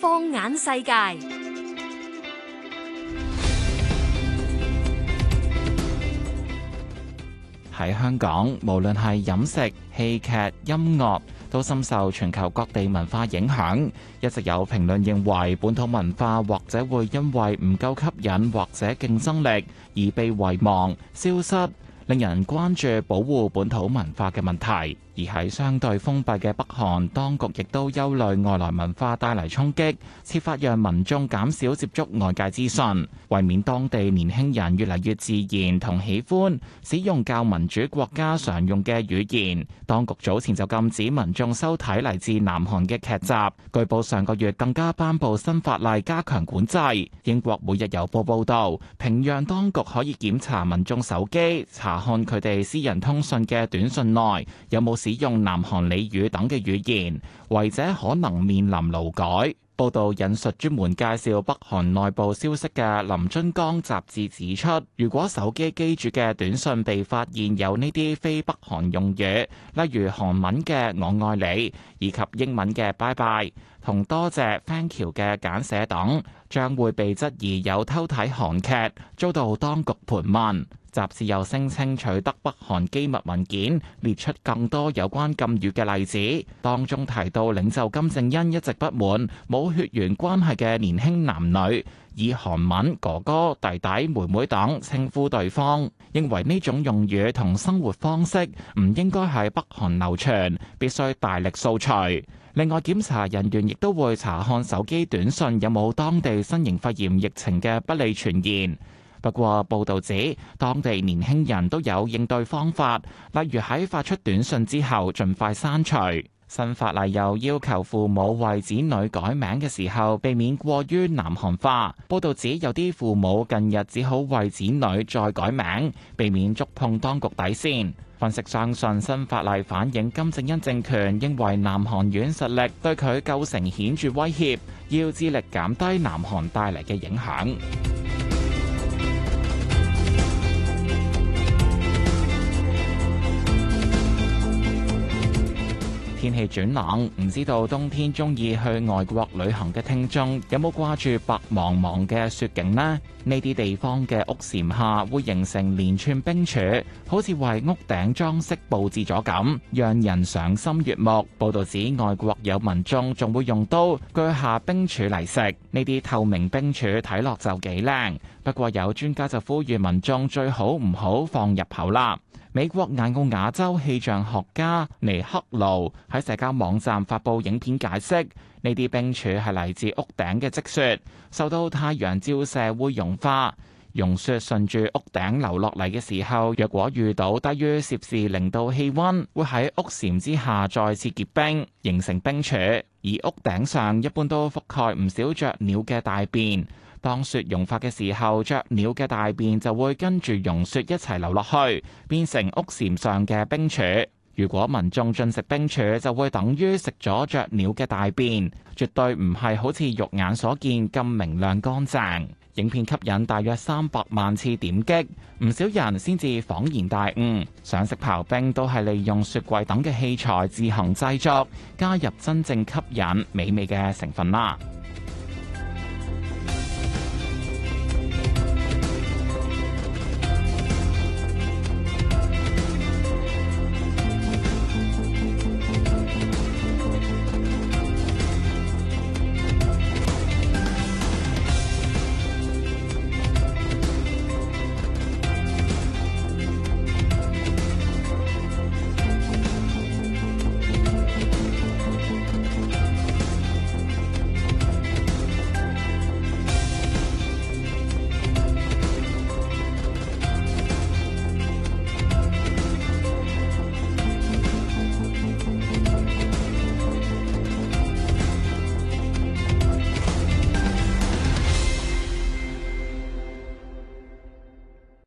放眼世界，喺香港，無論係飲食、戲劇、音樂，都深受全球各地文化影響。一直有評論認為，本土文化或者會因為唔夠吸引或者競爭力而被遺忘、消失，令人關注保護本土文化嘅問題。而係相對封閉嘅北韓，當局亦都憂慮外來文化帶嚟衝擊，設法讓民眾減少接觸外界資訊，為免當地年輕人越嚟越自然同喜歡使用較民主國家常用嘅語言。當局早前就禁止民眾收睇嚟自南韓嘅劇集，據報上個月更加頒布新法例加強管制。英國每日郵報報導，平壤當局可以檢查民眾手機，查看佢哋私人通訊嘅短信內有冇使用南韓俚語等嘅語言，違者可能面臨勞改。報道引述專門介紹北韓內部消息嘅臨津江雜誌指出，如果手機機主嘅短信被發現有呢啲非北韓用語，例如韓文嘅我愛你以及英文嘅拜拜同多謝 thank you 嘅簡寫等，將會被質疑有偷睇韓劇，遭到當局盤問。雜誌又聲稱取得北韓機密文件，列出更多有關禁語嘅例子，當中提到領袖金正恩一直不滿冇血緣關係嘅年輕男女，以韓文哥哥、弟弟、妹妹等稱呼對方，認為呢種用語同生活方式唔應該喺北韓流傳，必須大力掃除。另外，檢查人員亦都會查看手機短訊有冇當地新型肺炎疫情嘅不利傳言。不過，報道指當地年輕人都有應對方法，例如喺發出短信之後盡快刪除。新法例又要求父母為子女改名嘅時候，避免過於南韓化。報道指有啲父母近日只好為子女再改名，避免觸碰當局底線。分析相信新法例反映金正恩政權認為南韓院實力對佢構成顯著威脅，要致力減低南韓帶嚟嘅影響。天氣轉冷，唔知道冬天中意去外國旅行嘅聽眾有冇掛住白茫茫嘅雪景呢？呢啲地方嘅屋簷下會形成連串冰柱，好似為屋頂裝飾佈置咗咁，讓人賞心悦目。報導指，外國有民眾仲會用刀鋸下冰柱嚟食，呢啲透明冰柱睇落就幾靚。不過有專家就呼籲民眾最好唔好放入口啦。美國亞奧亞州氣象學家尼克勞喺社交網站發布影片解釋，呢啲冰柱係嚟自屋頂嘅積雪，受到太陽照射會融化，溶雪順住屋頂流落嚟嘅時候，若果遇到低於攝氏零度氣温，會喺屋簷之下再次結冰，形成冰柱。而屋頂上一般都覆蓋唔少雀鳥嘅大便。當雪融化嘅時候，雀鳥嘅大便就會跟住融雪一齊流落去，變成屋簷上嘅冰柱。如果民眾進食冰柱，就會等於食咗雀鳥嘅大便，絕對唔係好似肉眼所見咁明亮乾淨。影片吸引大約三百萬次點擊，唔少人先至恍然大悟，想食刨冰都係利用雪櫃等嘅器材自行製作，加入真正吸引美味嘅成分啦。